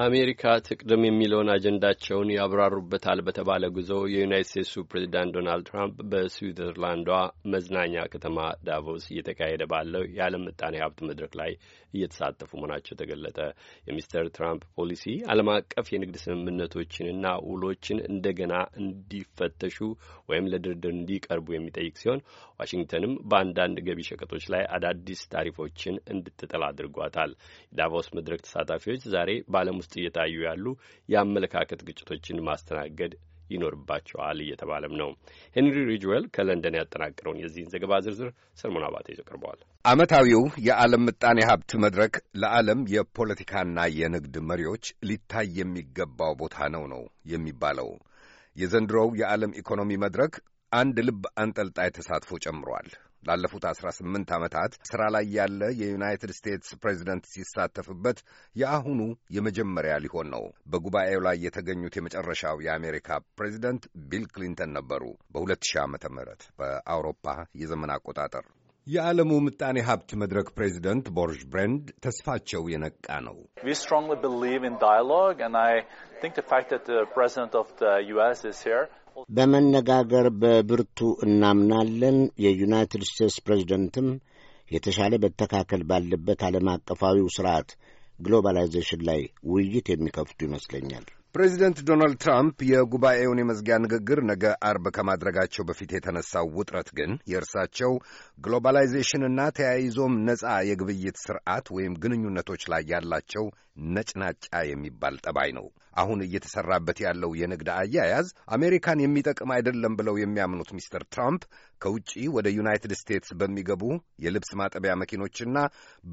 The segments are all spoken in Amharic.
አሜሪካ ትቅድም የሚለውን አጀንዳቸውን ያብራሩበታል በተባለ ጉዞ የዩናይት ስቴትሱ ፕሬዚዳንት ዶናልድ ትራምፕ በስዊዘርላንዷ መዝናኛ ከተማ ዳቮስ እየተካሄደ ባለው የዓለም ምጣኔ ሀብት መድረክ ላይ እየተሳተፉ መሆናቸው ተገለጠ። የሚስተር ትራምፕ ፖሊሲ ዓለም አቀፍ የንግድ ስምምነቶችንና ውሎችን እንደገና እንዲፈተሹ ወይም ለድርድር እንዲቀርቡ የሚጠይቅ ሲሆን ዋሽንግተንም በአንዳንድ ገቢ ሸቀጦች ላይ አዳዲስ ታሪፎችን እንድትጥል አድርጓታል። የዳቮስ መድረክ ተሳታፊዎች ዛሬ በዓለም ውስጥ እየታዩ ያሉ የአመለካከት ግጭቶችን ማስተናገድ ይኖርባቸዋል እየተባለም ነው። ሄንሪ ሪጅዌል ከለንደን ያጠናቀረውን የዚህን ዘገባ ዝርዝር ሰልሞን አባተ ይዞ ቀርበዋል። ዓመታዊው የዓለም ምጣኔ ሀብት መድረክ ለዓለም የፖለቲካና የንግድ መሪዎች ሊታይ የሚገባው ቦታ ነው ነው የሚባለው። የዘንድሮው የዓለም ኢኮኖሚ መድረክ አንድ ልብ አንጠልጣይ ተሳትፎ ጨምሯል። ላለፉት 18 ዓመታት ሥራ ላይ ያለ የዩናይትድ ስቴትስ ፕሬዚደንት ሲሳተፍበት የአሁኑ የመጀመሪያ ሊሆን ነው። በጉባኤው ላይ የተገኙት የመጨረሻው የአሜሪካ ፕሬዚደንት ቢል ክሊንተን ነበሩ፣ በ2000 ዓ ም በአውሮፓ የዘመን አቆጣጠር። የዓለሙ ምጣኔ ሀብት መድረክ ፕሬዚደንት ቦርዥ ብሬንድ ተስፋቸው የነቃ ነው። በመነጋገር በብርቱ እናምናለን። የዩናይትድ ስቴትስ ፕሬዚደንትም የተሻለ መተካከል ባለበት ዓለም አቀፋዊው ስርዓት ግሎባላይዜሽን ላይ ውይይት የሚከፍቱ ይመስለኛል። ፕሬዚደንት ዶናልድ ትራምፕ የጉባኤውን የመዝጊያ ንግግር ነገ አርብ ከማድረጋቸው በፊት የተነሳው ውጥረት ግን የእርሳቸው ግሎባላይዜሽንና ተያይዞም ነጻ የግብይት ስርዓት ወይም ግንኙነቶች ላይ ያላቸው ነጭናጫ የሚባል ጠባይ ነው። አሁን እየተሰራበት ያለው የንግድ አያያዝ አሜሪካን የሚጠቅም አይደለም ብለው የሚያምኑት ሚስተር ትራምፕ ከውጪ ወደ ዩናይትድ ስቴትስ በሚገቡ የልብስ ማጠቢያ መኪኖችና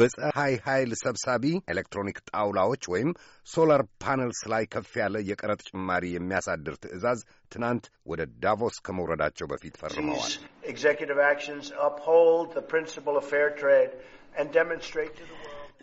በፀሐይ ኃይል ሰብሳቢ ኤሌክትሮኒክ ጣውላዎች ወይም ሶላር ፓነልስ ላይ ከፍ ያለ የቀረጥ ጭማሪ የሚያሳድር ትዕዛዝ ትናንት ወደ ዳቮስ ከመውረዳቸው በፊት ፈርመዋል።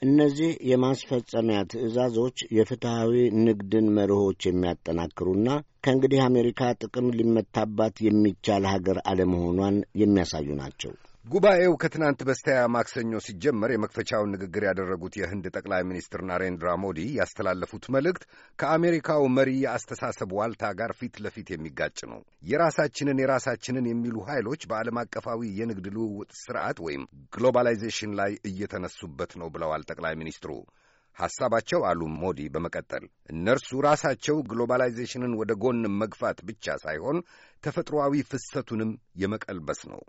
እነዚህ የማስፈጸሚያ ትዕዛዞች የፍትሐዊ ንግድን መርሆች የሚያጠናክሩና ከእንግዲህ አሜሪካ ጥቅም ሊመታባት የሚቻል ሀገር አለመሆኗን የሚያሳዩ ናቸው። ጉባኤው ከትናንት በስቲያ ማክሰኞ ሲጀመር የመክፈቻውን ንግግር ያደረጉት የህንድ ጠቅላይ ሚኒስትር ናሬንድራ ሞዲ ያስተላለፉት መልእክት ከአሜሪካው መሪ የአስተሳሰብ ዋልታ ጋር ፊት ለፊት የሚጋጭ ነው። የራሳችንን የራሳችንን የሚሉ ኃይሎች በዓለም አቀፋዊ የንግድ ልውውጥ ስርዓት ወይም ግሎባላይዜሽን ላይ እየተነሱበት ነው ብለዋል ጠቅላይ ሚኒስትሩ። ሐሳባቸው አሉ ሞዲ በመቀጠል እነርሱ ራሳቸው ግሎባላይዜሽንን ወደ ጎን መግፋት ብቻ ሳይሆን ተፈጥሮአዊ ፍሰቱንም የመቀልበስ ነው።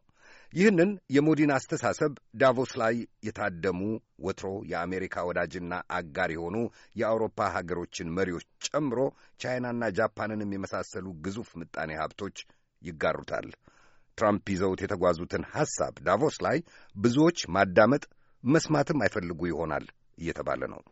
ይህንን የሞዲን አስተሳሰብ ዳቮስ ላይ የታደሙ ወትሮ የአሜሪካ ወዳጅና አጋር የሆኑ የአውሮፓ ሀገሮችን መሪዎች ጨምሮ ቻይናና ጃፓንንም የመሳሰሉ ግዙፍ ምጣኔ ሀብቶች ይጋሩታል። ትራምፕ ይዘውት የተጓዙትን ሐሳብ ዳቮስ ላይ ብዙዎች ማዳመጥ መስማትም አይፈልጉ ይሆናል እየተባለ ነው።